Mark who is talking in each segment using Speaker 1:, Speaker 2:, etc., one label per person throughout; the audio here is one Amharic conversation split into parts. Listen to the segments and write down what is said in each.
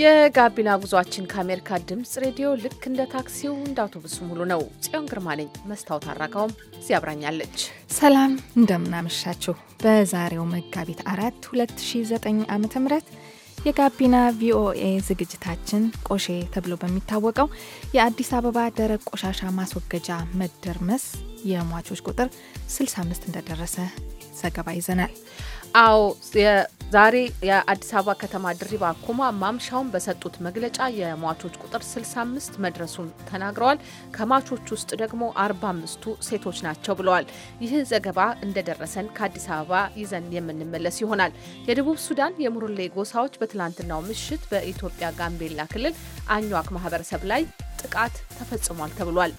Speaker 1: የጋቢና ጉዟችን ከአሜሪካ ድምፅ ሬዲዮ ልክ እንደ ታክሲው እንደ አውቶቡስ ሙሉ ነው። ጽዮን ግርማ ነኝ። መስታወት አራጋውም እዚህ አብራኛለች።
Speaker 2: ሰላም እንደምናመሻችሁ። በዛሬው መጋቢት አራት 2009 ዓ ም የጋቢና ቪኦኤ ዝግጅታችን ቆሼ ተብሎ በሚታወቀው የአዲስ አበባ ደረቅ ቆሻሻ ማስወገጃ መደርመስ የሟቾች ቁጥር 65 እንደደረሰ ዘገባ ይዘናል።
Speaker 1: አዎ ዛሬ የአዲስ አበባ ከተማ ድሪባ ኩማ ማምሻውን በሰጡት መግለጫ የሟቾች ቁጥር 65 መድረሱን ተናግረዋል። ከሟቾች ውስጥ ደግሞ 45ቱ ሴቶች ናቸው ብለዋል። ይህ ዘገባ እንደደረሰን ከአዲስ አበባ ይዘን የምንመለስ ይሆናል። የደቡብ ሱዳን የሙርሌ ጎሳዎች በትላንትናው ምሽት በኢትዮጵያ ጋምቤላ ክልል አኟክ ማህበረሰብ ላይ ጥቃት ተፈጽሟል ተብሏል።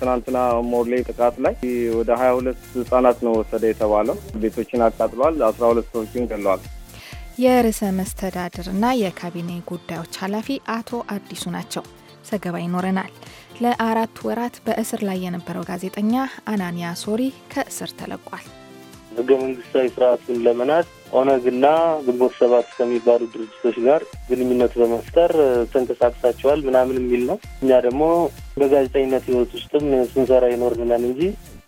Speaker 3: ትናንትና ሞርሌ ጥቃት ላይ ወደ ሀያ ሁለት ህጻናት ነው ወሰደ የተባለው። ቤቶችን አቃጥሏል። አስራ ሁለት ሰዎችን ገለዋል።
Speaker 2: የርዕሰ መስተዳድርና የካቢኔ ጉዳዮች ኃላፊ አቶ አዲሱ ናቸው። ዘገባ ይኖረናል። ለአራት ወራት በእስር ላይ የነበረው ጋዜጠኛ አናንያ ሶሪ ከእስር ተለቋል።
Speaker 3: ህገ መንግስታዊ ስርዓቱን ለመናት ኦነግና ግንቦት ሰባት ከሚባሉ ድርጅቶች ጋር ግንኙነት በመፍጠር ተንቀሳቅሳቸዋል ምናምን የሚል ነው። እኛ ደግሞ በጋዜጠኝነት ህይወት ውስጥም ስንሰራ ይኖርናል እንጂ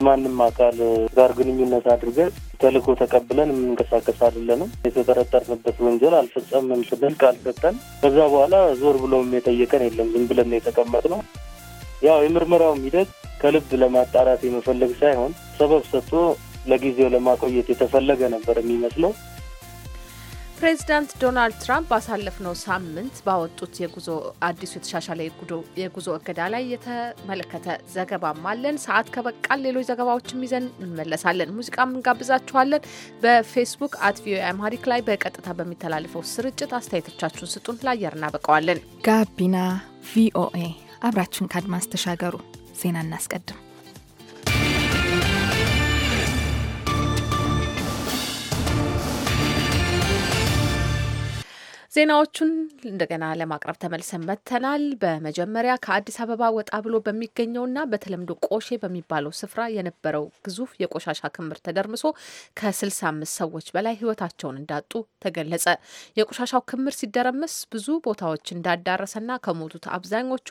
Speaker 3: ማንም አካል ጋር ግንኙነት አድርገን ተልእኮ ተቀብለን የምንንቀሳቀስ አይደለንም። የተጠረጠርንበት ወንጀል አልፈጸምም ስንል ቃል ሰጠን። ከዛ በኋላ ዞር ብሎም የጠየቀን የለም። ዝም ብለን የተቀመጥነው ያው የምርመራውም ሂደት ከልብ ለማጣራት የመፈለግ ሳይሆን ሰበብ ሰጥቶ ለጊዜው ለማቆየት የተፈለገ ነበር የሚመስለው።
Speaker 1: ፕሬዚዳንት ዶናልድ ትራምፕ ባሳለፍነው ሳምንት ባወጡት የጉዞ አዲሱ የተሻሻለ የጉዞ እገዳ ላይ የተመለከተ ዘገባም አለን። ሰዓት ከበቃል ሌሎች ዘገባዎችም ይዘን እንመለሳለን። ሙዚቃም እንጋብዛችኋለን። በፌስቡክ አት ቪኦኤ አማሪክ ላይ በቀጥታ በሚተላለፈው ስርጭት አስተያየቶቻችሁን ስጡን፣ ለአየር እናበቀዋለን።
Speaker 2: ጋቢና ቪኦኤ አብራችሁን ከአድማስ ተሻገሩ። ዜና እናስቀድም።
Speaker 1: ዜናዎቹን እንደገና ለማቅረብ ተመልሰን መጥተናል። በመጀመሪያ ከአዲስ አበባ ወጣ ብሎ በሚገኘውና በተለምዶ ቆሼ በሚባለው ስፍራ የነበረው ግዙፍ የቆሻሻ ክምር ተደርምሶ ከ65 ሰዎች በላይ ሕይወታቸውን እንዳጡ ተገለጸ። የቆሻሻው ክምር ሲደረምስ ብዙ ቦታዎች እንዳዳረሰና ከሞቱት አብዛኞቹ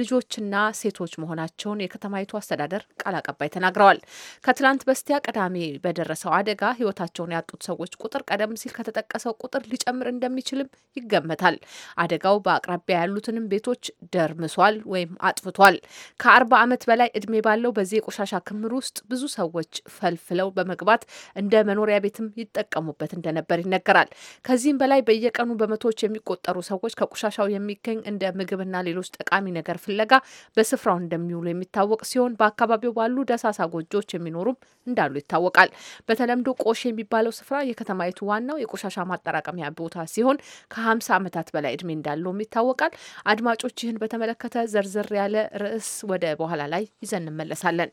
Speaker 1: ልጆችና ሴቶች መሆናቸውን የከተማይቱ አስተዳደር ቃል አቀባይ ተናግረዋል። ከትላንት በስቲያ ቅዳሜ በደረሰው አደጋ ሕይወታቸውን ያጡት ሰዎች ቁጥር ቀደም ሲል ከተጠቀሰው ቁጥር ሊጨምር እንደሚችልም ይገመታል። አደጋው በአቅራቢያ ያሉትንም ቤቶች ደርምሷል ወይም አጥፍቷል። ከአርባ ዓመት በላይ እድሜ ባለው በዚህ የቆሻሻ ክምር ውስጥ ብዙ ሰዎች ፈልፍለው በመግባት እንደ መኖሪያ ቤትም ይጠቀሙበት እንደነበር ይነገራል። ከዚህም በላይ በየቀኑ በመቶዎች የሚቆጠሩ ሰዎች ከቆሻሻው የሚገኝ እንደ ምግብና ሌሎች ጠቃሚ ነገር ፍለጋ በስፍራው እንደሚውሉ የሚታወቅ ሲሆን በአካባቢው ባሉ ደሳሳ ጎጆዎች የሚኖሩም እንዳሉ ይታወቃል። በተለምዶ ቆሼ የሚባለው ስፍራ የከተማይቱ ዋናው የቆሻሻ ማጠራቀሚያ ቦታ ሲሆን ከ50 ዓመታት በላይ እድሜ እንዳለውም ይታወቃል። አድማጮች ይህን በተመለከተ ዘርዘር ያለ ርዕስ ወደ በኋላ ላይ ይዘን እንመለሳለን።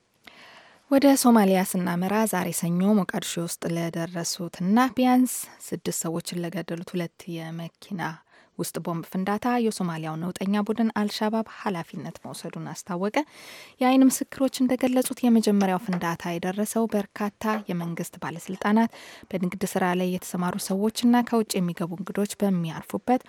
Speaker 2: ወደ ሶማሊያ ስናመራ ዛሬ ሰኞ ሞቃዲሾ ውስጥ ለደረሱትና ቢያንስ ስድስት ሰዎችን ለገደሉት ሁለት የመኪና ውስጥ ቦምብ ፍንዳታ የሶማሊያው ነውጠኛ ቡድን አልሻባብ ኃላፊነት መውሰዱን አስታወቀ። የአይን ምስክሮች እንደገለጹት የመጀመሪያው ፍንዳታ የደረሰው በርካታ የመንግስት ባለስልጣናት፣ በንግድ ስራ ላይ የተሰማሩ ሰዎችና ከውጭ የሚገቡ እንግዶች በሚያርፉበት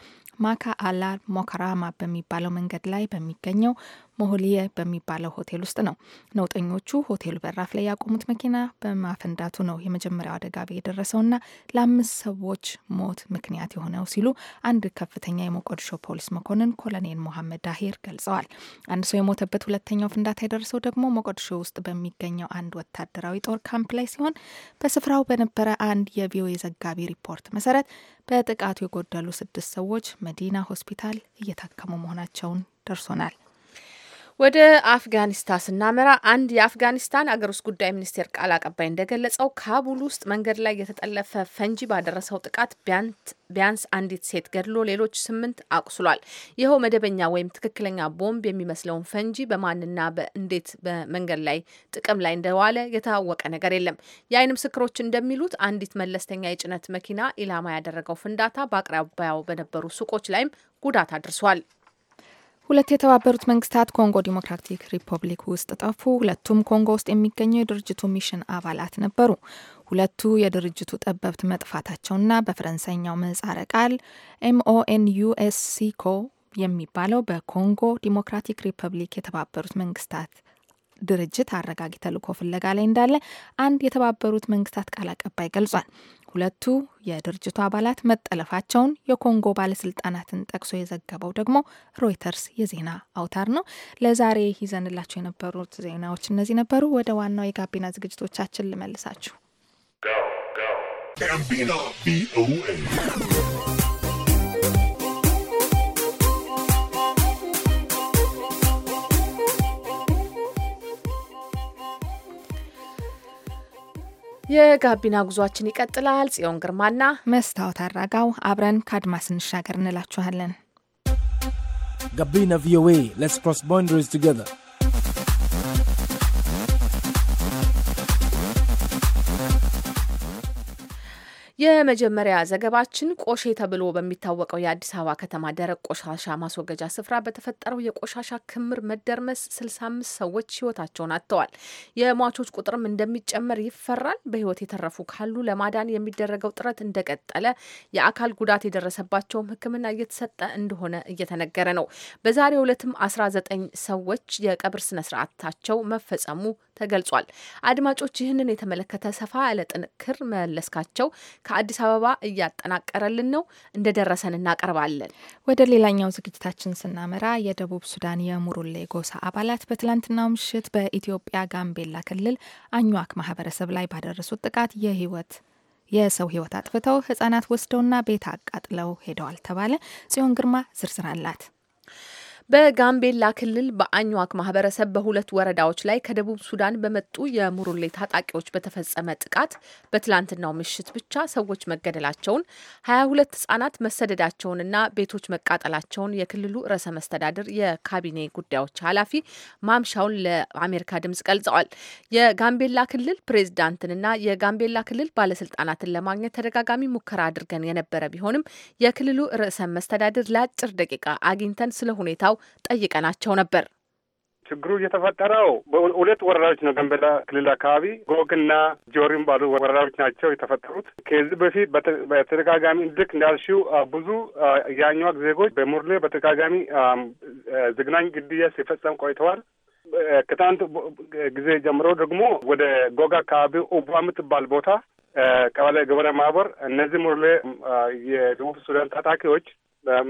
Speaker 2: ማካ አላል ሞከራማ በሚባለው መንገድ ላይ በሚገኘው ሞሆሊየ በሚባለው ሆቴል ውስጥ ነው። ነውጠኞቹ ሆቴሉ በራፍ ላይ ያቆሙት መኪና በማፈንዳቱ ነው የመጀመሪያው አደጋ የደረሰውና ለአምስት ሰዎች ሞት ምክንያት የሆነው ሲሉ አንድ ከፍተኛ የሞቃዲሾ ፖሊስ መኮንን ኮሎኔል ሞሐመድ ዳሄር ገልጸዋል። አንድ ሰው የሞተበት ሁለተኛው ፍንዳታ የደረሰው ደግሞ ሞቃዲሾ ውስጥ በሚገኘው አንድ ወታደራዊ ጦር ካምፕ ላይ ሲሆን በስፍራው በነበረ አንድ የቪኦኤ ዘጋቢ ሪፖርት መሰረት በጥቃቱ የጎደሉ ስድስት ሰዎች መዲና ሆስፒታል እየታከሙ መሆናቸውን ደርሶናል።
Speaker 1: ወደ አፍጋኒስታን ስናመራ አንድ የአፍጋኒስታን አገር ውስጥ ጉዳይ ሚኒስቴር ቃል አቀባይ እንደገለጸው ካቡል ውስጥ መንገድ ላይ የተጠለፈ ፈንጂ ባደረሰው ጥቃት ቢያንስ አንዲት ሴት ገድሎ ሌሎች ስምንት አቁስሏል። ይኸው መደበኛ ወይም ትክክለኛ ቦምብ የሚመስለውን ፈንጂ በማንና በእንዴት በመንገድ ላይ ጥቅም ላይ እንደዋለ የታወቀ ነገር የለም። የአይን ምስክሮች እንደሚሉት አንዲት መለስተኛ የጭነት መኪና ኢላማ ያደረገው ፍንዳታ በአቅራቢያው በነበሩ ሱቆች ላይም ጉዳት አድርሷል።
Speaker 2: ሁለት የተባበሩት መንግስታት ኮንጎ ዲሞክራቲክ ሪፐብሊክ ውስጥ ጠፉ። ሁለቱም ኮንጎ ውስጥ የሚገኙ የድርጅቱ ሚሽን አባላት ነበሩ። ሁለቱ የድርጅቱ ጠበብት መጥፋታቸውና በፈረንሳይኛው ምህጻረ ቃል ኤምኦኤንዩኤስሲኮ የሚባለው በኮንጎ ዲሞክራቲክ ሪፐብሊክ የተባበሩት መንግስታት ድርጅት አረጋጊ ተልእኮ ፍለጋ ላይ እንዳለ አንድ የተባበሩት መንግስታት ቃል አቀባይ ገልጿል። ሁለቱ የድርጅቱ አባላት መጠለፋቸውን የኮንጎ ባለስልጣናትን ጠቅሶ የዘገበው ደግሞ ሮይተርስ የዜና አውታር ነው። ለዛሬ ይዘንላቸው የነበሩት ዜናዎች እነዚህ ነበሩ። ወደ ዋናው የጋቢና ዝግጅቶቻችን ልመልሳችሁ። የጋቢና ጉዟችን ይቀጥላል። ጽዮን ግርማና መስታወት አራጋው አብረን ከአድማስ እንሻገር እንላችኋለን።
Speaker 4: ጋቢና ቪኦኤ ሌትስ ክሮስ
Speaker 2: ቦንደሪስ ቱጌዘር
Speaker 1: የመጀመሪያ ዘገባችን ቆሼ ተብሎ በሚታወቀው የአዲስ አበባ ከተማ ደረቅ ቆሻሻ ማስወገጃ ስፍራ በተፈጠረው የቆሻሻ ክምር መደርመስ 65 ሰዎች ህይወታቸውን አጥተዋል። የሟቾች ቁጥርም እንደሚጨመር ይፈራል። በህይወት የተረፉ ካሉ ለማዳን የሚደረገው ጥረት እንደቀጠለ፣ የአካል ጉዳት የደረሰባቸውም ሕክምና እየተሰጠ እንደሆነ እየተነገረ ነው። በዛሬው ዕለትም 19 ሰዎች የቀብር ስነስርዓታቸው መፈጸሙ ተገልጿል። አድማጮች ይህንን የተመለከተ ሰፋ ያለ ጥንክር መለስካቸው ከአዲስ አበባ እያጠናቀረልን ነው።
Speaker 2: እንደደረሰን እናቀርባለን። ወደ ሌላኛው ዝግጅታችን ስናመራ የደቡብ ሱዳን የሙሩሌ ጎሳ አባላት በትላንትናው ምሽት በኢትዮጵያ ጋምቤላ ክልል አኟክ ማህበረሰብ ላይ ባደረሱት ጥቃት የህይወት የሰው ህይወት አጥፍተው ህጻናት ወስደውና ቤት አቃጥለው ሄደዋል ተባለ። ጽዮን ግርማ ዝርዝር አላት። በጋምቤላ ክልል
Speaker 1: በአኟክ ማህበረሰብ በሁለት ወረዳዎች ላይ ከደቡብ ሱዳን በመጡ የሙሩሌ ታጣቂዎች በተፈጸመ ጥቃት በትላንትናው ምሽት ብቻ ሰዎች መገደላቸውን፣ ሀያ ሁለት ህጻናት መሰደዳቸውንና ቤቶች መቃጠላቸውን የክልሉ ርዕሰ መስተዳድር የካቢኔ ጉዳዮች ኃላፊ ማምሻውን ለአሜሪካ ድምጽ ገልጸዋል። የጋምቤላ ክልል ፕሬዝዳንትንና የጋምቤላ ክልል ባለስልጣናትን ለማግኘት ተደጋጋሚ ሙከራ አድርገን የነበረ ቢሆንም የክልሉ ርዕሰ መስተዳድር ለአጭር ደቂቃ አግኝተን ስለ ሁኔታው ጠይቀናቸው ነበር።
Speaker 5: ችግሩ የተፈጠረው በሁለት ወረዳዎች ነው። ጋምቤላ ክልል አካባቢ ጎግና ጆሪም ባሉ ወረዳዎች ናቸው የተፈጠሩት። ከዚህ በፊት በተደጋጋሚ ልክ እንዳልሽው ብዙ የአኟዋክ ዜጎች በሙርሌ በተደጋጋሚ ዝግናኝ ግድያ ሲፈጸም ቆይተዋል። ከትናንት ጊዜ ጀምሮ ደግሞ ወደ ጎግ አካባቢ ኡባ የምትባል ቦታ ቀበሌ ገበረ ማህበር እነዚህ ሙርሌ የደቡብ ሱዳን ታጣቂዎች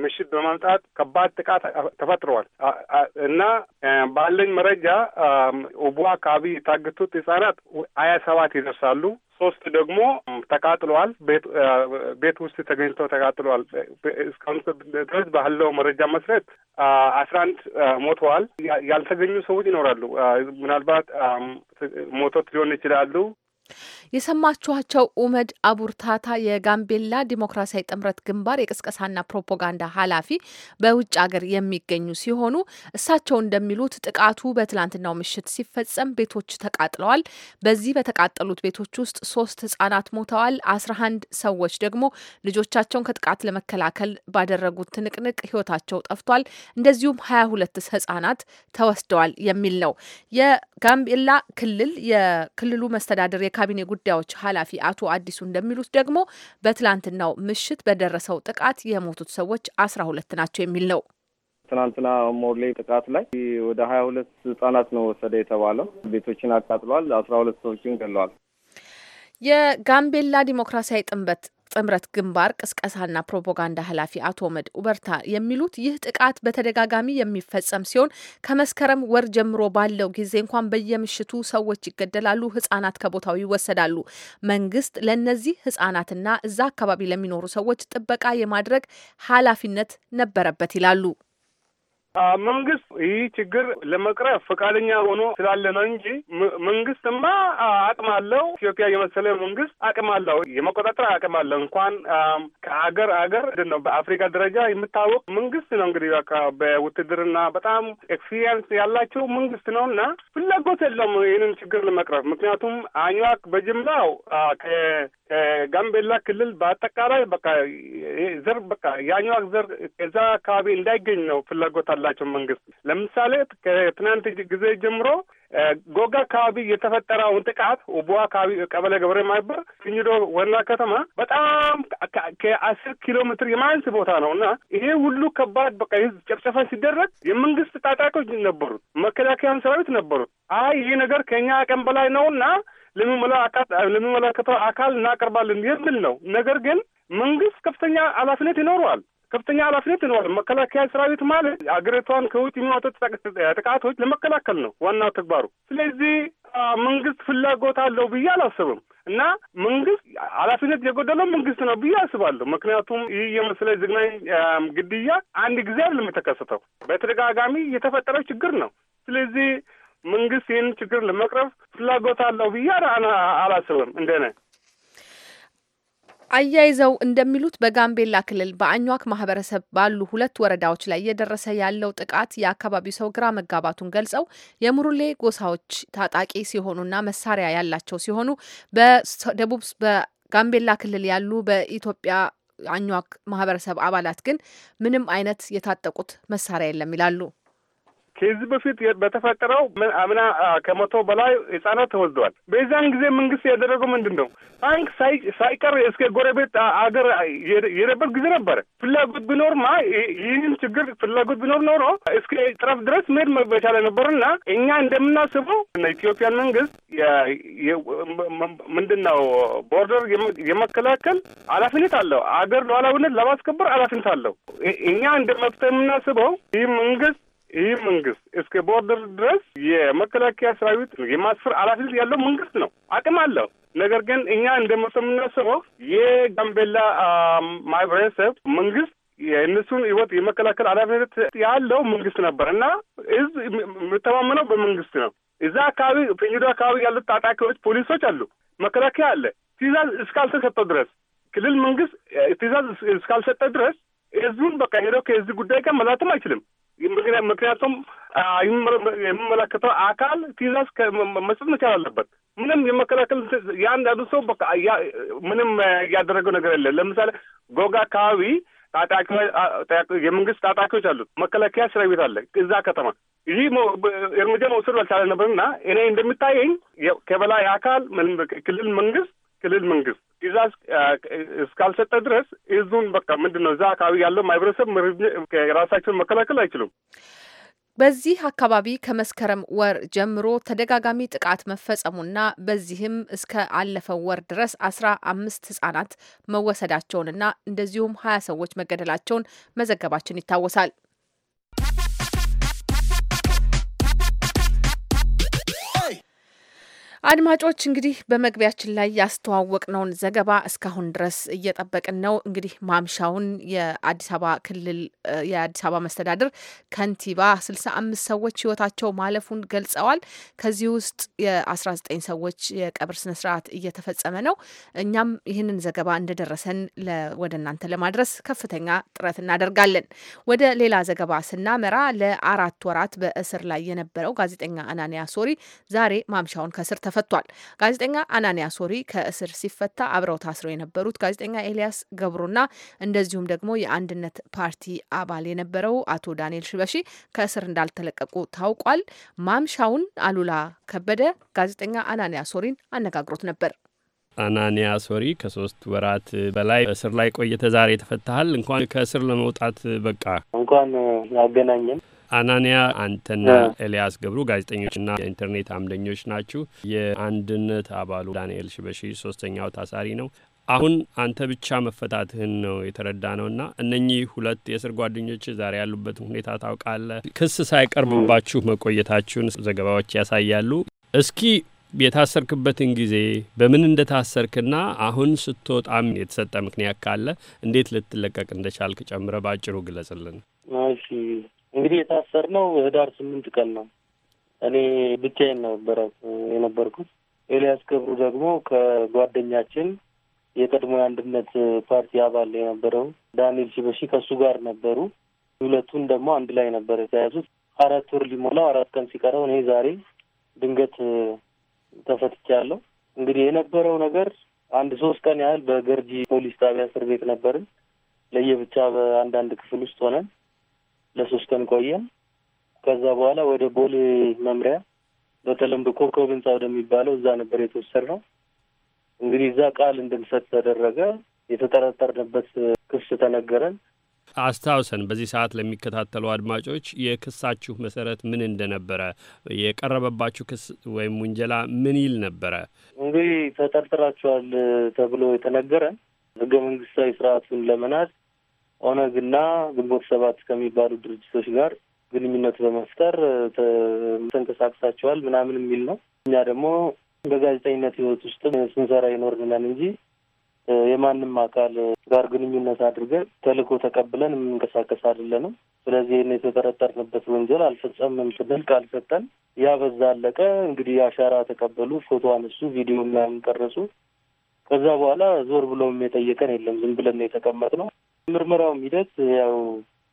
Speaker 5: ምሽት በመምጣት ከባድ ጥቃት ተፈጥረዋል እና ባለኝ መረጃ ኡቡ አካባቢ የታገቱት ህጻናት ሀያ ሰባት ይደርሳሉ። ሶስት ደግሞ ተቃጥለዋል። ቤት ውስጥ ተገኝተው ተቃጥለዋል። እስካሁን ድረስ ባለው መረጃ መሰረት አስራ አንድ ሞተዋል። ያልተገኙ ሰዎች ይኖራሉ። ምናልባት ሞቶት ሊሆን ይችላሉ።
Speaker 1: የሰማችኋቸው ኡመድ አቡርታታ የጋምቤላ ዲሞክራሲያዊ ጥምረት ግንባር የቅስቀሳና ፕሮፓጋንዳ ኃላፊ በውጭ ሀገር የሚገኙ ሲሆኑ እሳቸው እንደሚሉት ጥቃቱ በትላንትናው ምሽት ሲፈጸም ቤቶች ተቃጥለዋል። በዚህ በተቃጠሉት ቤቶች ውስጥ ሶስት ህጻናት ሞተዋል። አስራ አንድ ሰዎች ደግሞ ልጆቻቸውን ከጥቃት ለመከላከል ባደረጉት ትንቅንቅ ህይወታቸው ጠፍቷል። እንደዚሁም ሀያ ሁለት ህጻናት ተወስደዋል የሚል ነው። ጋምቤላ ክልል የክልሉ መስተዳደር የካቢኔ ጉዳዮች ኃላፊ አቶ አዲሱ እንደሚሉት ደግሞ በትላንትናው ምሽት በደረሰው ጥቃት የሞቱት ሰዎች አስራ ሁለት ናቸው የሚል ነው።
Speaker 3: ትናንትና ሞርሌ ጥቃት ላይ ወደ ሀያ ሁለት ህጻናት ነው ወሰደ የተባለው ቤቶችን አቃጥሏል። አስራ ሁለት ሰዎችን ገለዋል።
Speaker 1: የጋምቤላ ዲሞክራሲያዊ ጥንበት ጥምረት ግንባር ቅስቀሳና ፕሮፓጋንዳ ኃላፊ አቶ መድ ኡበርታ የሚሉት ይህ ጥቃት በተደጋጋሚ የሚፈጸም ሲሆን ከመስከረም ወር ጀምሮ ባለው ጊዜ እንኳን በየምሽቱ ሰዎች ይገደላሉ፣ ህጻናት ከቦታው ይወሰዳሉ። መንግስት ለእነዚህ ህጻናትና እዛ አካባቢ ለሚኖሩ ሰዎች ጥበቃ የማድረግ ኃላፊነት ነበረበት ይላሉ።
Speaker 5: መንግስት ይህ ችግር ለመቅረፍ ፈቃደኛ ሆኖ ስላለ ነው እንጂ መንግስትማ አቅም አለው። ኢትዮጵያ የመሰለ መንግስት አቅም አለው፣ የመቆጣጠር አቅም አለው። እንኳን ከአገር አገር ነው በአፍሪካ ደረጃ የምታወቅ መንግስት ነው። እንግዲህ በውትድርና በጣም ኤክስፒሪየንስ ያላቸው መንግስት ነው እና ፍላጎት የለውም ይህንን ችግር ለመቅረፍ ምክንያቱም አኝዋክ በጅምላው ከጋምቤላ ክልል በአጠቃላይ በቃ ዘር በቃ የአኝዋክ ዘር ከዛ አካባቢ እንዳይገኝ ነው ፍላጎት አለ አላቸው መንግስት። ለምሳሌ ከትናንት ጊዜ ጀምሮ ጎጋ አካባቢ የተፈጠረውን ጥቃት ኦቦ አካባቢ ቀበሌ ገብረ ማይበር ሲኝዶ ዋና ከተማ በጣም ከአስር ኪሎ ሜትር የማንስ ቦታ ነው እና ይሄ ሁሉ ከባድ በቃ ህዝብ ጨፍጨፈ ሲደረግ የመንግስት ታጣቂዎች ነበሩት፣ መከላከያም ሰራዊት ነበሩት። አይ ይሄ ነገር ከኛ አቅም በላይ ነውና ለሚመለከተው አካል እናቀርባለን የሚል ነው። ነገር ግን መንግስት ከፍተኛ ኃላፊነት ይኖረዋል። ከፍተኛ ኃላፊነት ይኖራል። መከላከያ ሰራዊት ማለት አገሪቷን ከውጭ የሚመጡ ጥቃቶች ለመከላከል ነው ዋናው ተግባሩ። ስለዚህ መንግስት ፍላጎት አለው ብዬ አላስብም እና መንግስት ኃላፊነት የጎደለው መንግስት ነው ብዬ አስባለሁ። ምክንያቱም ይህ የመሰለ ዘግናኝ ግድያ አንድ ጊዜ አይደለም የተከሰተው፣ በተደጋጋሚ የተፈጠረው ችግር ነው። ስለዚህ መንግስት ይህን ችግር ለመቅረፍ ፍላጎት አለው ብዬ አላስብም እንደነ
Speaker 1: አያይዘው እንደሚሉት በጋምቤላ ክልል በአኟክ ማህበረሰብ ባሉ ሁለት ወረዳዎች ላይ እየደረሰ ያለው ጥቃት የአካባቢው ሰው ግራ መጋባቱን ገልጸው የሙሩሌ ጎሳዎች ታጣቂ ሲሆኑና መሳሪያ ያላቸው ሲሆኑ በደቡብ በጋምቤላ ክልል ያሉ በኢትዮጵያ አኟክ ማህበረሰብ አባላት ግን ምንም አይነት የታጠቁት መሳሪያ የለም ይላሉ።
Speaker 5: ከዚህ በፊት በተፈጠረው አምና ከመቶ በላይ ህጻናት ተወስደዋል። በዛን ጊዜ መንግስት ያደረገው ምንድን ነው? ባንክ ሳይቀር እስከ ጎረቤት አገር የሄደበት ጊዜ ነበረ። ፍላጎት ቢኖር ማ ይህን ችግር ፍላጎት ቢኖር ኖሮ እስከ ጥረፍ ድረስ መሄድ መቻል ነበርና እኛ እንደምናስበው ኢትዮጵያን መንግስት ምንድን ነው ቦርደር የመከላከል ኃላፊነት አለው። አገር ሉዓላዊነት ለማስከበር ኃላፊነት አለው። እኛ እንደ መፍትሄ የምናስበው ይህ መንግስት ይህ መንግስት እስከ ቦርደር ድረስ የመከላከያ ሰራዊት የማስፈር ኃላፊነት ያለው መንግስት ነው፣ አቅም አለው። ነገር ግን እኛ እንደምናስበው የጋምቤላ ማህበረሰብ መንግስት የእነሱን ህይወት የመከላከል ኃላፊነት ያለው መንግስት ነበር እና እዝ የምተማመነው በመንግስት ነው። እዛ አካባቢ ፔኝዶ አካባቢ ያሉት ታጣቂዎች ፖሊሶች አሉ፣ መከላከያ አለ። ትእዛዝ እስካልተሰጠ ድረስ ክልል መንግስት ትእዛዝ እስካልሰጠ ድረስ ህዝቡን በቃ ሄደው ከዚህ ጉዳይ ጋር መላትም አይችልም። ምክንያቱም የሚመለከተው አካል ትዕዛዝ መስጠት መቻል አለበት። ምንም የመከላከል የአንዳንዱ ሰው በቃ ምንም እያደረገው ነገር የለ። ለምሳሌ ጎጋ አካባቢ የመንግስት ታጣቂዎች አሉት፣ መከላከያ ስራ ቤት አለ እዛ ከተማ። ይህ እርምጃ መውሰድ አልቻለ ነበርና እኔ እንደሚታየኝ ከበላይ አካል ክልል መንግስት ክልል መንግስት ትእዛዝ እስካልሰጠ ድረስ እዙን በቃ ምንድን ነው እዛ አካባቢ ያለው ማህበረሰብ ራሳቸውን መከላከል አይችሉም።
Speaker 1: በዚህ አካባቢ ከመስከረም ወር ጀምሮ ተደጋጋሚ ጥቃት መፈጸሙና በዚህም እስከ አለፈው ወር ድረስ አስራ አምስት ህጻናት መወሰዳቸውንና እንደዚሁም ሀያ ሰዎች መገደላቸውን መዘገባችን ይታወሳል። አድማጮች እንግዲህ በመግቢያችን ላይ ያስተዋወቅነውን ዘገባ እስካሁን ድረስ እየጠበቅን ነው። እንግዲህ ማምሻውን የአዲስ አበባ ክልል የአዲስ አበባ መስተዳድር ከንቲባ ስልሳ አምስት ሰዎች ህይወታቸው ማለፉን ገልጸዋል። ከዚህ ውስጥ የአስራ ዘጠኝ ሰዎች የቀብር ስነ ስርዓት እየተፈጸመ ነው። እኛም ይህንን ዘገባ እንደደረሰን ወደ እናንተ ለማድረስ ከፍተኛ ጥረት እናደርጋለን። ወደ ሌላ ዘገባ ስናመራ ለአራት ወራት በእስር ላይ የነበረው ጋዜጠኛ አናንያ ሶሪ ዛሬ ማምሻውን ከስር ተፈቷል። ጋዜጠኛ አናንያ ሶሪ ከእስር ሲፈታ አብረው ታስረው የነበሩት ጋዜጠኛ ኤልያስ ገብሩና እንደዚሁም ደግሞ የአንድነት ፓርቲ አባል የነበረው አቶ ዳንኤል ሽበሺ ከእስር እንዳልተለቀቁ ታውቋል። ማምሻውን አሉላ ከበደ ጋዜጠኛ አናንያ ሶሪን አነጋግሮት ነበር።
Speaker 6: አናንያ ሶሪ ከሶስት ወራት በላይ እስር ላይ ቆይተ ዛሬ ተፈታሃል። እንኳን ከእስር ለመውጣት በቃ
Speaker 3: እንኳን ያገናኘን
Speaker 6: አናንያ አንተና ኤልያስ ገብሩ ጋዜጠኞችና የኢንተርኔት አምደኞች ናችሁ። የአንድነት አባሉ ዳንኤል ሽበሺ ሶስተኛው ታሳሪ ነው። አሁን አንተ ብቻ መፈታትህን ነው የተረዳ ነውና እነኚህ ሁለት የእስር ጓደኞች ዛሬ ያሉበትን ሁኔታ ታውቃለህ። ክስ ሳይቀርብባችሁ መቆየታችሁን ዘገባዎች ያሳያሉ። እስኪ የታሰርክበትን ጊዜ በምን እንደታሰርክና አሁን ስትወጣም የተሰጠ ምክንያት ካለ እንዴት ልትለቀቅ እንደቻልክ ጨምረ በአጭሩ ግለጽልን።
Speaker 3: እሺ እንግዲህ የታሰርነው ህዳር ስምንት ቀን ነው። እኔ ብቻዬን ነበረ የነበርኩት። ኤልያስ ክብሩ ደግሞ ከጓደኛችን የቀድሞ የአንድነት ፓርቲ አባል የነበረው ዳንኤል ሽበሺ ከእሱ ጋር ነበሩ። ሁለቱን ደግሞ አንድ ላይ ነበር የተያዙት። አራት ወር ሊሞላው አራት ቀን ሲቀረው እኔ ዛሬ ድንገት ተፈትቻለሁ። እንግዲህ የነበረው ነገር አንድ ሶስት ቀን ያህል በገርጂ ፖሊስ ጣቢያ እስር ቤት ነበርን። ለየብቻ በአንዳንድ ክፍል ውስጥ ሆነን ለሶስት ቀን ቆየን። ከዛ በኋላ ወደ ቦሌ መምሪያ በተለምዶ ኮከብ ህንፃ ወደሚባለው እዛ ነበር የተወሰድነው። እንግዲህ እዛ ቃል እንድንሰጥ ተደረገ። የተጠረጠርንበት ክስ ተነገረን።
Speaker 6: አስታውሰን በዚህ ሰዓት ለሚከታተሉ አድማጮች የክሳችሁ መሰረት ምን እንደነበረ የቀረበባችሁ ክስ ወይም ውንጀላ ምን ይል ነበረ?
Speaker 3: እንግዲህ ተጠርጥራችኋል ተብሎ የተነገረን ህገ መንግስታዊ ስርዓቱን ለመናድ ኦነግና ግንቦት ሰባት ከሚባሉ ድርጅቶች ጋር ግንኙነት በመፍጠር ተንቀሳቅሳቸዋል ምናምን የሚል ነው። እኛ ደግሞ በጋዜጠኝነት ህይወት ውስጥ ስንሰራ ይኖርናል እንጂ የማንም አካል ጋር ግንኙነት አድርገን ተልእኮ ተቀብለን የምንንቀሳቀስ አይደለንም። ስለዚህ ይህን የተጠረጠርንበት ወንጀል አልፈጸምም ስንል ቃል ሰጠን። ያ በዛ አለቀ። እንግዲህ አሻራ ተቀበሉ፣ ፎቶ አነሱ፣ ቪዲዮ ምናምን ቀረጹ። ከዛ በኋላ ዞር ብሎም የጠየቀን የለም። ዝም ብለን የተቀመጥ ነው። ምርመራውም ሂደት ያው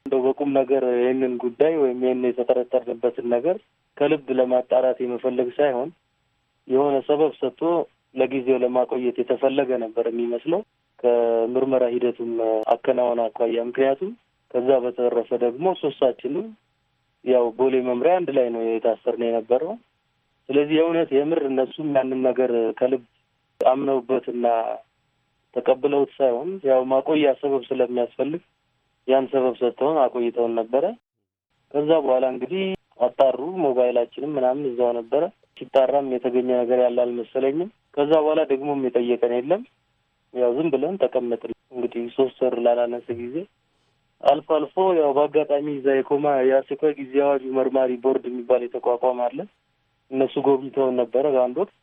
Speaker 3: እንደው በቁም ነገር ይህንን ጉዳይ ወይም ይህን የተጠረጠርንበትን ነገር ከልብ ለማጣራት የመፈለግ ሳይሆን የሆነ ሰበብ ሰጥቶ ለጊዜው ለማቆየት የተፈለገ ነበር የሚመስለው ከምርመራ ሂደቱም አከናወን አኳያ። ምክንያቱም ከዛ በተረፈ ደግሞ ሶስታችንም ያው ቦሌ መምሪያ አንድ ላይ ነው የታሰርነው የነበረው። ስለዚህ የእውነት የምር እነሱም ያንን ነገር ከልብ አምነውበትና ተቀብለውት ሳይሆን ያው ማቆያ ሰበብ ስለሚያስፈልግ ያን ሰበብ ሰጥተውን አቆይተውን ነበረ። ከዛ በኋላ እንግዲህ አጣሩ። ሞባይላችንም ምናምን እዛው ነበረ። ሲጣራም የተገኘ ነገር ያለ አልመሰለኝም። ከዛ በኋላ ደግሞም የጠየቀን የለም። ያው ዝም ብለን ተቀመጥን። እንግዲህ ሶስት ወር ላላነሰ ጊዜ አልፎ አልፎ ያው በአጋጣሚ እዛ የኮማ የአስቸኳይ ጊዜ አዋጁ መርማሪ ቦርድ የሚባል የተቋቋመ አለ። እነሱ ጎብኝተውን ነበረ በአንድ ወቅት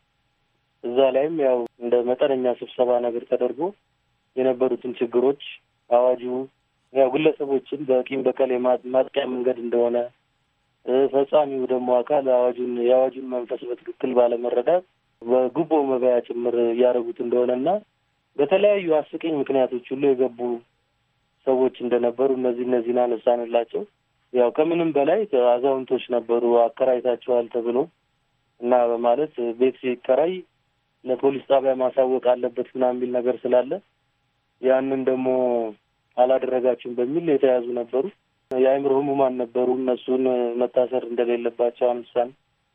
Speaker 3: እዛ ላይም ያው እንደ መጠነኛ ስብሰባ ነገር ተደርጎ የነበሩትን ችግሮች አዋጁ ያው ግለሰቦችን በቂም በቀል ማጥቂያ መንገድ እንደሆነ ፈጻሚው ደግሞ አካል አዋጁን የአዋጁን መንፈስ በትክክል ባለመረዳት በጉቦ መበያ ጭምር እያደረጉት እንደሆነና በተለያዩ አስቂኝ ምክንያቶች ሁሉ የገቡ ሰዎች እንደነበሩ እነዚህ እነዚህን አነሳንላቸው። ያው ከምንም በላይ አዛውንቶች ነበሩ። አከራይታቸዋል ተብሎ እና በማለት ቤት ሲከራይ ለፖሊስ ጣቢያ ማሳወቅ አለበት ምናምን የሚል ነገር ስላለ ያንን ደግሞ አላደረጋችሁም በሚል የተያዙ ነበሩ። የአእምሮ ህሙማን ነበሩ። እነሱን መታሰር እንደሌለባቸው አንሳን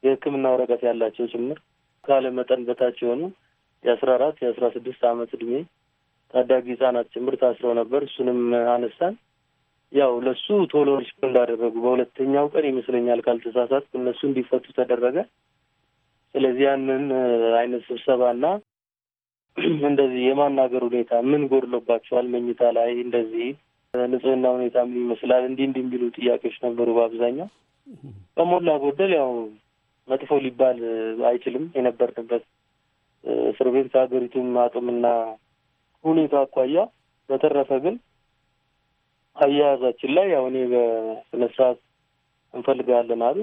Speaker 3: የህክምና ወረቀት ያላቸው ጭምር ካለ መጠን በታች የሆኑ የአስራ አራት የአስራ ስድስት ዓመት እድሜ ታዳጊ ህጻናት ጭምር ታስረው ነበር። እሱንም አነሳን። ያው ለሱ ቶሎ እንዳደረጉ በሁለተኛው ቀን ይመስለኛል ካልተሳሳት እነሱ እንዲፈቱ ተደረገ። ስለዚህ ያንን አይነት ስብሰባና እንደዚህ የማናገር ሁኔታ ምን ጎድሎባቸዋል፣ መኝታ ላይ እንደዚህ ንጽህና ሁኔታ ምን ይመስላል፣ እንዲህ እንዲህ የሚሉ ጥያቄዎች ነበሩ። በአብዛኛው በሞላ ጎደል ያው መጥፎ ሊባል አይችልም። የነበርንበት እስር ቤት ከሀገሪቱም አቅምና ሁኔታ አኳያ፣ በተረፈ ግን አያያዛችን ላይ ያው እኔ በስነ ስርዓት እንፈልጋለን አሉ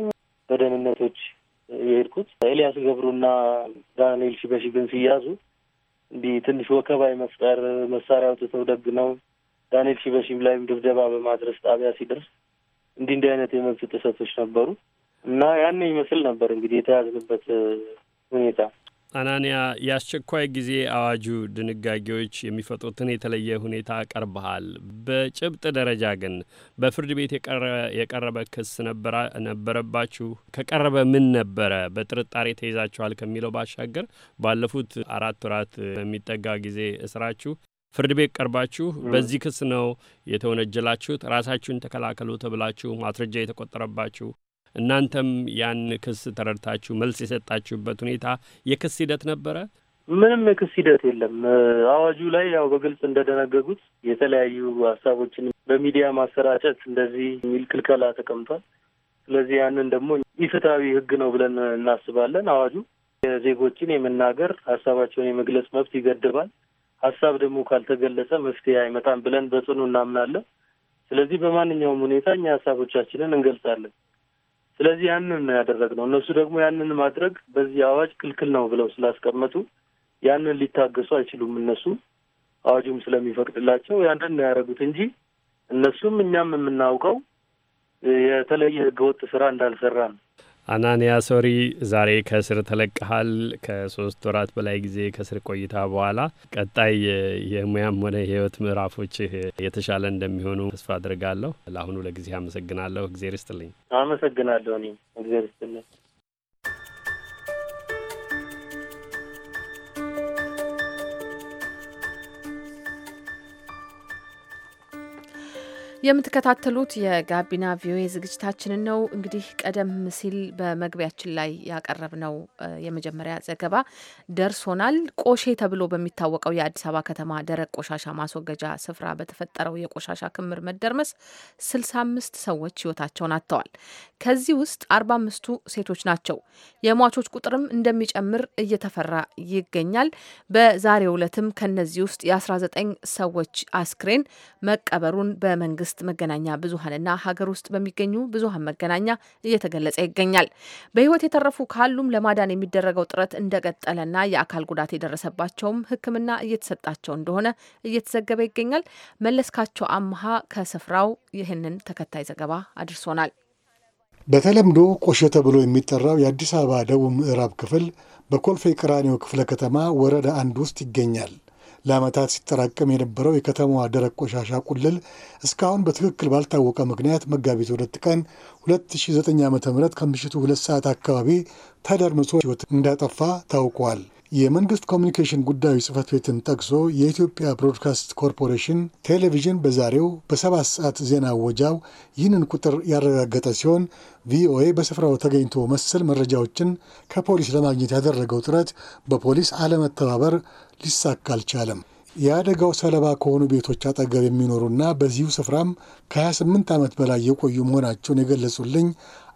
Speaker 3: በደህንነቶች የሄድኩት ኤልያስ ገብሩና ዳንኤል ሺበሺ ግን ሲያዙ እንዲህ ትንሽ ወከባ መፍጠር መሳሪያ አውጥተው ደግ ነው። ዳንኤል ሺበሺም ላይም ድብደባ በማድረስ ጣቢያ ሲደርስ እንዲህ እንዲህ አይነት የመብት ጥሰቶች ነበሩ እና ያን ይመስል ነበር እንግዲህ የተያዝንበት ሁኔታ
Speaker 6: አናንያ የአስቸኳይ ጊዜ አዋጁ ድንጋጌዎች የሚፈጥሩትን የተለየ ሁኔታ ቀርበሃል። በጭብጥ ደረጃ ግን በፍርድ ቤት የቀረበ ክስ ነበረባችሁ? ከቀረበ ምን ነበረ? በጥርጣሬ ተይዛችኋል ከሚለው ባሻገር ባለፉት አራት ወራት በሚጠጋ ጊዜ እስራችሁ ፍርድ ቤት ቀርባችሁ በዚህ ክስ ነው የተወነጀላችሁት፣ ራሳችሁን ተከላከሉ ተብላችሁ ማስረጃ የተቆጠረባችሁ እናንተም ያን ክስ ተረድታችሁ መልስ የሰጣችሁበት ሁኔታ የክስ ሂደት ነበረ?
Speaker 3: ምንም የክስ ሂደት የለም። አዋጁ ላይ ያው በግልጽ እንደደነገጉት የተለያዩ ሀሳቦችን በሚዲያ ማሰራጨት እንደዚህ የሚል ክልከላ ተቀምጧል። ስለዚህ ያንን ደግሞ ኢፍትሐዊ ሕግ ነው ብለን እናስባለን። አዋጁ የዜጎችን የመናገር ሀሳባቸውን የመግለጽ መብት ይገድባል። ሀሳብ ደግሞ ካልተገለጸ መፍትሄ አይመጣም ብለን በጽኑ እናምናለን። ስለዚህ በማንኛውም ሁኔታ እኛ ሀሳቦቻችንን እንገልጻለን። ስለዚህ ያንን ነው ያደረግነው። እነሱ ደግሞ ያንን ማድረግ በዚህ አዋጅ ክልክል ነው ብለው ስላስቀመጡ ያንን ሊታገሱ አይችሉም። እነሱ አዋጁም ስለሚፈቅድላቸው ያንን ነው ያደረጉት እንጂ እነሱም እኛም የምናውቀው የተለየ ህገወጥ ስራ እንዳልሰራ ነው።
Speaker 6: አናንያ ሶሪ ዛሬ ከእስር ተለቀሃል። ከሶስት ወራት በላይ ጊዜ ከእስር ቆይታ በኋላ ቀጣይ የሙያም ሆነ የህይወት ምዕራፎች የተሻለ እንደሚሆኑ ተስፋ አድርጋለሁ። ለአሁኑ ለጊዜ አመሰግናለሁ። እግዜር ይስጥልኝ።
Speaker 3: አመሰግናለሁ። እኔም እግዜር ይስጥልኝ።
Speaker 1: የምትከታተሉት የጋቢና ቪኦኤ ዝግጅታችንን ነው። እንግዲህ ቀደም ሲል በመግቢያችን ላይ ያቀረብነው የመጀመሪያ ዘገባ ደርሶናል። ቆሼ ተብሎ በሚታወቀው የአዲስ አበባ ከተማ ደረቅ ቆሻሻ ማስወገጃ ስፍራ በተፈጠረው የቆሻሻ ክምር መደርመስ 65 ሰዎች ህይወታቸውን አጥተዋል። ከዚህ ውስጥ 45ቱ ሴቶች ናቸው። የሟቾች ቁጥርም እንደሚጨምር እየተፈራ ይገኛል። በዛሬው ዕለትም ከነዚህ ውስጥ የ19 ሰዎች አስክሬን መቀበሩን በመንግስት በመንግስት መገናኛ ብዙሀንና ሀገር ውስጥ በሚገኙ ብዙሀን መገናኛ እየተገለጸ ይገኛል። በህይወት የተረፉ ካሉም ለማዳን የሚደረገው ጥረት እንደቀጠለና የአካል ጉዳት የደረሰባቸውም ሕክምና እየተሰጣቸው እንደሆነ እየተዘገበ ይገኛል። መለስካቸው አምሃ ከስፍራው ይህንን ተከታይ ዘገባ አድርሶናል።
Speaker 7: በተለምዶ ቆሸ ተብሎ የሚጠራው የአዲስ አበባ ደቡብ ምዕራብ ክፍል በኮልፌ ቀራኒዮ ክፍለ ከተማ ወረዳ አንድ ውስጥ ይገኛል። ለዓመታት ሲጠራቀም የነበረው የከተማዋ ደረቅ ቆሻሻ ቁልል እስካሁን በትክክል ባልታወቀ ምክንያት መጋቢት ሁለት ቀን 2009 ዓ ም ከምሽቱ ሁለት ሰዓት አካባቢ ተደርምሶ ሕይወት እንዳጠፋ ታውቋል። የመንግስት ኮሚኒኬሽን ጉዳዮች ጽህፈት ቤትን ጠቅሶ የኢትዮጵያ ብሮድካስት ኮርፖሬሽን ቴሌቪዥን በዛሬው በሰባት ሰዓት ዜና ወጃው ይህንን ቁጥር ያረጋገጠ ሲሆን ቪኦኤ በስፍራው ተገኝቶ መሰል መረጃዎችን ከፖሊስ ለማግኘት ያደረገው ጥረት በፖሊስ አለመተባበር ሊሳካ አልቻለም። የአደጋው ሰለባ ከሆኑ ቤቶች አጠገብ የሚኖሩና በዚሁ ስፍራም ከ28 ዓመት በላይ የቆዩ መሆናቸውን የገለጹልኝ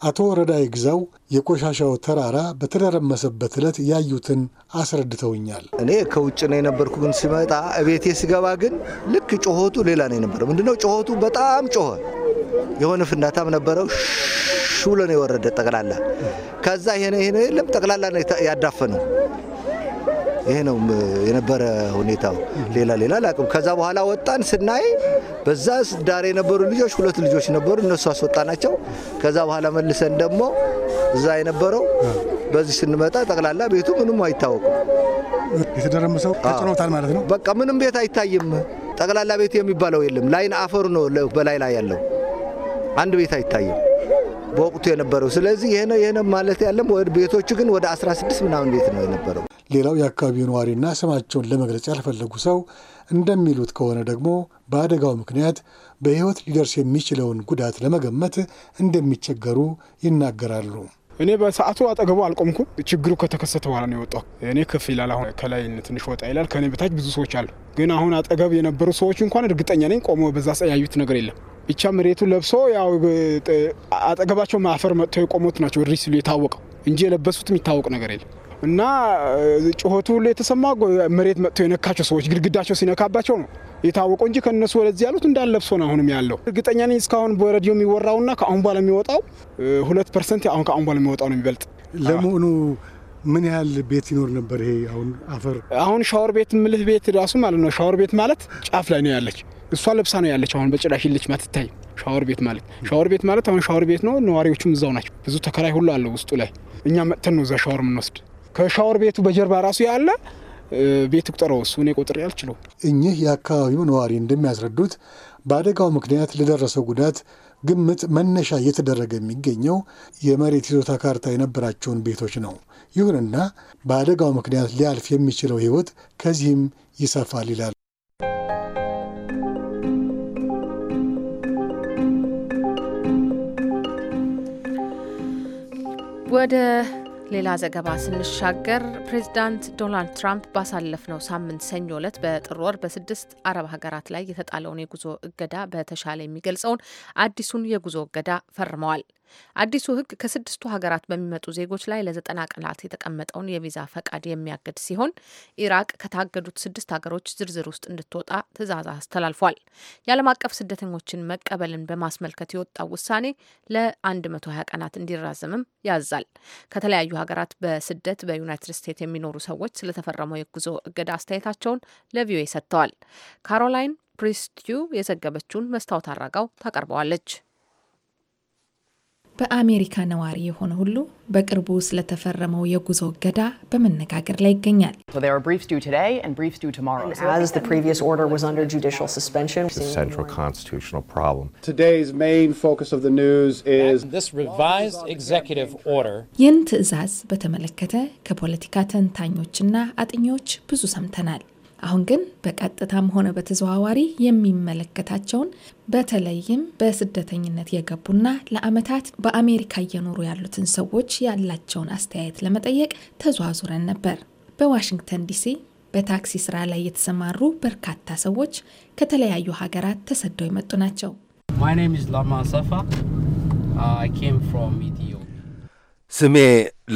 Speaker 7: አቶ ወረዳ ይግዛው የቆሻሻው ተራራ በተደረመሰበት ዕለት ያዩትን አስረድተውኛል።
Speaker 3: እኔ ከውጭ ነው የነበርኩ፣ ግን ሲመጣ እቤቴ ስገባ ግን ልክ ጮኸቱ ሌላ ነው የነበረው። ምንድነው ጮኸቱ? በጣም ጮኸ። የሆነ ፍናታም ነበረው ሹሎ ነው የወረደ ጠቅላላ። ከዛ ይሄ የለም ጠቅላላ ያዳፈ ነው ይሄ ነው የነበረ ሁኔታው። ሌላ ሌላ ላቅም ከዛ በኋላ ወጣን ስናይ በዛ ዳር የነበሩ ልጆች ሁለት ልጆች ነበሩ፣ እነሱ አስወጣናቸው። ከዛ በኋላ መልሰን ደግሞ እዛ የነበረው በዚህ ስንመጣ ጠቅላላ ቤቱ ምንም አይታወቅም።
Speaker 7: የተደረመሰው ተጭኖታል ማለት ነው። በቃ ምንም ቤት አይታይም። ጠቅላላ ቤት የሚባለው የለም። ላይን አፈሩ ነው በላይ ላይ ያለው አንድ ቤት አይታይም በወቅቱ የነበረው። ስለዚህ ይህ ይህነ ማለት ያለም ቤቶቹ ግን ወደ 16 ምናምን ቤት ነው የነበረው። ሌላው የአካባቢው ነዋሪና ስማቸውን ለመግለጽ ያልፈለጉ ሰው እንደሚሉት ከሆነ ደግሞ በአደጋው ምክንያት በሕይወት ሊደርስ የሚችለውን ጉዳት ለመገመት እንደሚቸገሩ ይናገራሉ። እኔ
Speaker 4: በሰዓቱ አጠገቡ አልቆምኩም። ችግሩ ከተከሰተ በኋላ ነው የወጣው። እኔ ከፍ ይላል። አሁን ከላይ ትንሽ ወጣ ይላል። ከኔ በታች ብዙ ሰዎች አሉ። ግን አሁን አጠገብ የነበሩ ሰዎች እንኳን እርግጠኛ ነኝ ቆመው በዛ ያዩት ነገር የለም። ብቻ መሬቱ ለብሶ ያው አጠገባቸው ማፈር መጥተው የቆሙት ናቸው ሪ ሲሉ የታወቀው እንጂ የለበሱት የሚታወቅ ነገር የለም። እና ጩኸቱ ሁሉ የተሰማ መሬት መጥተው የነካቸው ሰዎች ግድግዳቸው ሲነካባቸው ነው የታወቀው እንጂ ከነሱ ወደዚህ ያሉት እንዳለ ነው አሁንም ያለው። እርግጠኛ ነኝ እስካሁን በሬዲዮ የሚወራውና ከአሁን በኋላ የሚወጣው ሁለት ፐርሰንት አሁን ከአሁን በኋላ የሚወጣው ነው የሚበልጥ። ለመሆኑ ምን ያህል ቤት ይኖር ነበር? ይሄ አሁን አፈር አሁን ሻወር ቤት ምልህ ቤት ራሱ ማለት ነው። ሻወር ቤት ማለት ጫፍ ላይ ነው ያለች እሷ ለብሳ ነው ያለች። አሁን በጭራሽ ልጅ ማትታይ ሻወር ቤት ማለት ሻወር ቤት ማለት አሁን ሻወር ቤት ነው። ነዋሪዎቹም እዛው ናቸው። ብዙ ተከራይ ሁሉ አለው ውስጡ ላይ። እኛ መጥተን ነው እዛ ሻወር የምንወስድ ከሻወር ቤቱ በጀርባ ራሱ ያለ ቤት ቁጠረው። እሱ እኔ ቆጥሬ እኚህ የአካባቢው ነዋሪ እንደሚያስረዱት በአደጋው ምክንያት
Speaker 7: ለደረሰው ጉዳት ግምት መነሻ እየተደረገ የሚገኘው የመሬት ይዞታ ካርታ የነበራቸውን ቤቶች ነው። ይሁንና በአደጋው ምክንያት ሊያልፍ የሚችለው ሕይወት ከዚህም ይሰፋል ይላል።
Speaker 1: ወደ ሌላ ዘገባ ስንሻገር ፕሬዚዳንት ዶናልድ ትራምፕ ባሳለፍነው ሳምንት ሰኞ ለት በጥር ወር በስድስት አረብ ሀገራት ላይ የተጣለውን የጉዞ እገዳ በተሻለ የሚገልጸውን አዲሱን የጉዞ እገዳ ፈርመዋል። አዲሱ ሕግ ከስድስቱ ሀገራት በሚመጡ ዜጎች ላይ ለዘጠና ቀናት የተቀመጠውን የቪዛ ፈቃድ የሚያገድ ሲሆን ኢራቅ ከታገዱት ስድስት ሀገሮች ዝርዝር ውስጥ እንድትወጣ ትዕዛዝ አስተላልፏል። የዓለም አቀፍ ስደተኞችን መቀበልን በማስመልከት የወጣው ውሳኔ ለ120 ቀናት እንዲራዘምም ያዛል። ከተለያዩ ሀገራት በስደት በዩናይትድ ስቴትስ የሚኖሩ ሰዎች ስለተፈረመው የጉዞ እገዳ አስተያየታቸውን ለቪኦኤ ሰጥተዋል። ካሮላይን ፕሪስቲዩ የዘገበችውን መስታወት አራጋው ታቀርበዋለች።
Speaker 2: በአሜሪካ ነዋሪ የሆነ ሁሉ በቅርቡ ስለተፈረመው የጉዞ እገዳ በመነጋገር ላይ ይገኛል። ይህን ትዕዛዝ በተመለከተ ከፖለቲካ ተንታኞችና አጥኚዎች ብዙ ሰምተናል። አሁን ግን በቀጥታም ሆነ በተዘዋዋሪ የሚመለከታቸውን በተለይም በስደተኝነት የገቡና ለአመታት በአሜሪካ እየኖሩ ያሉትን ሰዎች ያላቸውን አስተያየት ለመጠየቅ ተዟዙረን ነበር። በዋሽንግተን ዲሲ በታክሲ ስራ ላይ የተሰማሩ በርካታ ሰዎች ከተለያዩ ሀገራት ተሰደው የመጡ ናቸው።
Speaker 4: uh,
Speaker 3: ስሜ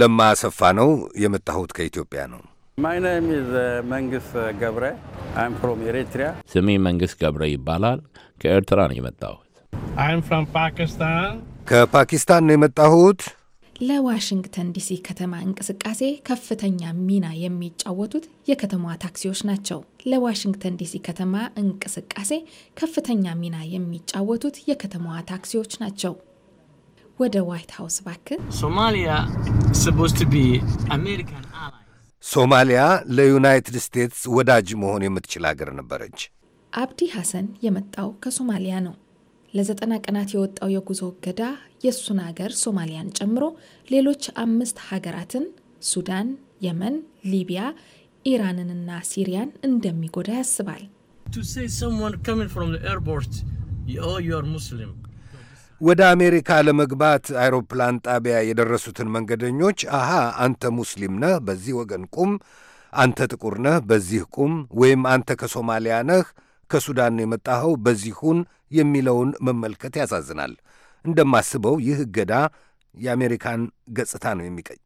Speaker 7: ለማ አሰፋ ነው። የመጣሁት ከኢትዮጵያ ነው።
Speaker 6: መንግስት uh, uh,
Speaker 3: ስሜ መንግስት ገብረ ይባላል። ከኤርትራ ነው የመጣሁት። ከፓኪስታን ነው የመጣሁት።
Speaker 2: ለዋሽንግተን ዲሲ ከተማ እንቅስቃሴ ከፍተኛ ሚና የሚጫወቱት የከተማዋ ታክሲዎች ናቸው። ለዋሽንግተን ዲሲ ከተማ እንቅስቃሴ ከፍተኛ ሚና የሚጫወቱት የከተማዋ ታክሲዎች ናቸው። ወደ ዋይት ሀውስ ባክ
Speaker 3: ሶማሊያ
Speaker 7: ሶማሊያ ለዩናይትድ ስቴትስ ወዳጅ መሆን የምትችል አገር ነበረች።
Speaker 2: አብዲ ሐሰን የመጣው ከሶማሊያ ነው። ለዘጠና ቀናት የወጣው የጉዞ እገዳ የእሱን ሀገር ሶማሊያን ጨምሮ ሌሎች አምስት ሀገራትን ሱዳን፣ የመን፣ ሊቢያ፣ ኢራንንና ሲሪያን እንደሚጎዳ ያስባል።
Speaker 7: ወደ አሜሪካ ለመግባት አይሮፕላን ጣቢያ የደረሱትን መንገደኞች አሃ አንተ ሙስሊም ነህ፣ በዚህ ወገን ቁም፣ አንተ ጥቁር ነህ፣ በዚህ ቁም፣ ወይም አንተ ከሶማሊያ ነህ፣ ከሱዳን የመጣኸው በዚሁን የሚለውን መመልከት ያሳዝናል። እንደማስበው ይህ እገዳ የአሜሪካን ገጽታ ነው የሚቀይ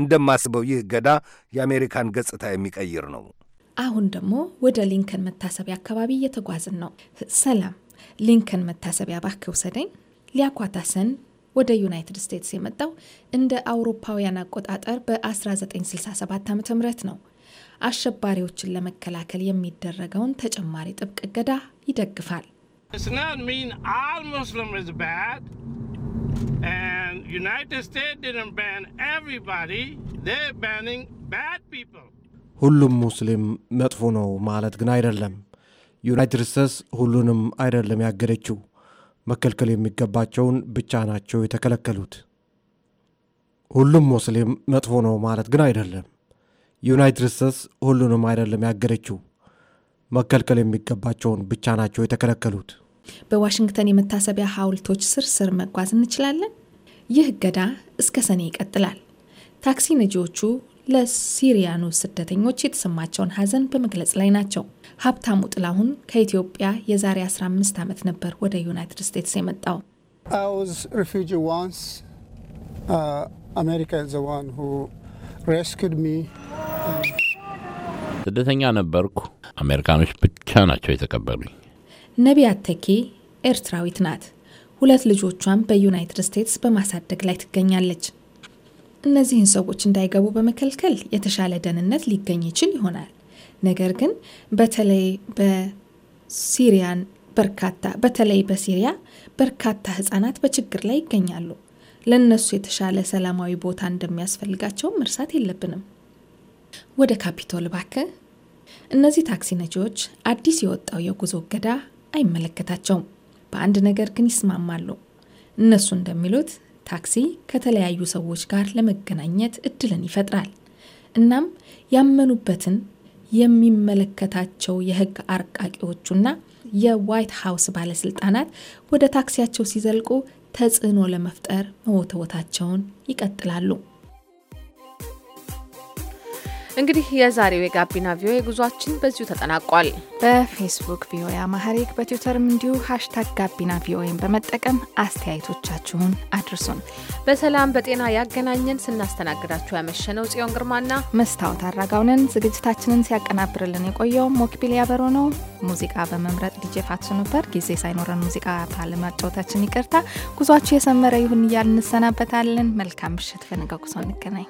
Speaker 7: እንደማስበው ይህ እገዳ የአሜሪካን ገጽታ የሚቀይር ነው።
Speaker 2: አሁን ደግሞ ወደ ሊንከን መታሰቢያ አካባቢ እየተጓዝን ነው። ሰላም ሊንከን መታሰቢያ ባክ ውሰደኝ። ሊያኳታሰን ወደ ዩናይትድ ስቴትስ የመጣው እንደ አውሮፓውያን አቆጣጠር በ1967 ዓ ም ነው። አሸባሪዎችን ለመከላከል የሚደረገውን ተጨማሪ ጥብቅ እገዳ ይደግፋል።
Speaker 7: ሁሉም ሙስሊም መጥፎ ነው ማለት ግን አይደለም። ዩናይትድ ስቴትስ ሁሉንም አይደለም ያገደችው መከልከል የሚገባቸውን ብቻ ናቸው የተከለከሉት። ሁሉም ሙስሊም መጥፎ ነው ማለት ግን አይደለም። ዩናይትድ ስቴትስ ሁሉንም አይደለም ያገደችው፣ መከልከል የሚገባቸውን ብቻ ናቸው የተከለከሉት።
Speaker 2: በዋሽንግተን የመታሰቢያ ሐውልቶች ስር ስር መጓዝ እንችላለን። ይህ እገዳ እስከ ሰኔ ይቀጥላል። ታክሲ ነጂዎቹ ለሲሪያኑ ስደተኞች የተሰማቸውን ሐዘን በመግለጽ ላይ ናቸው። ሀብታሙ ጥላሁን ከኢትዮጵያ የዛሬ 15 ዓመት ነበር ወደ ዩናይትድ ስቴትስ የመጣው።
Speaker 4: uh, ስደተኛ ነበርኩ። አሜሪካኖች ብቻ ናቸው የተቀበሉኝ።
Speaker 2: ነቢያት ተኪ ኤርትራዊት ናት። ሁለት ልጆቿን በዩናይትድ ስቴትስ በማሳደግ ላይ ትገኛለች። እነዚህን ሰዎች እንዳይገቡ በመከልከል የተሻለ ደህንነት ሊገኝ ይችል ይሆናል። ነገር ግን በተለይ በሲሪያን በርካታ በተለይ በሲሪያ በርካታ ህጻናት በችግር ላይ ይገኛሉ። ለእነሱ የተሻለ ሰላማዊ ቦታ እንደሚያስፈልጋቸውም መርሳት የለብንም። ወደ ካፒቶል ባክ እነዚህ ታክሲ ነጂዎች አዲስ የወጣው የጉዞ እገዳ አይመለከታቸውም። በአንድ ነገር ግን ይስማማሉ። እነሱ እንደሚሉት ታክሲ ከተለያዩ ሰዎች ጋር ለመገናኘት እድልን ይፈጥራል። እናም ያመኑበትን የሚመለከታቸው የህግ አርቃቂዎቹና የዋይት ሀውስ ባለስልጣናት ወደ ታክሲያቸው ሲዘልቁ ተጽዕኖ ለመፍጠር መወተወታቸውን ይቀጥላሉ።
Speaker 1: እንግዲህ የዛሬው የጋቢና ቪኦኤ ጉዟችን በዚሁ ተጠናቋል።
Speaker 2: በፌስቡክ ቪኦኤ አማህሪክ በትዊተርም እንዲሁ ሀሽታግ ጋቢና ቪኦኤን በመጠቀም አስተያየቶቻችሁን አድርሱን።
Speaker 1: በሰላም በጤና ያገናኘን። ስናስተናግዳችሁ ያመሸነው ጽዮን ግርማና
Speaker 2: መስታወት አራጋውነን። ዝግጅታችንን ሲያቀናብርልን የቆየው ሞክቢል ያበሮ ነው። ሙዚቃ በመምረጥ ዲጄ ፋትሱ ነበር። ጊዜ ሳይኖረን ሙዚቃ ባለማጫወታችን ይቅርታ። ጉዟችሁ የሰመረ ይሁን እያል እንሰናበታለን። መልካም ምሽት። በነገ ጉዞ እንገናኝ።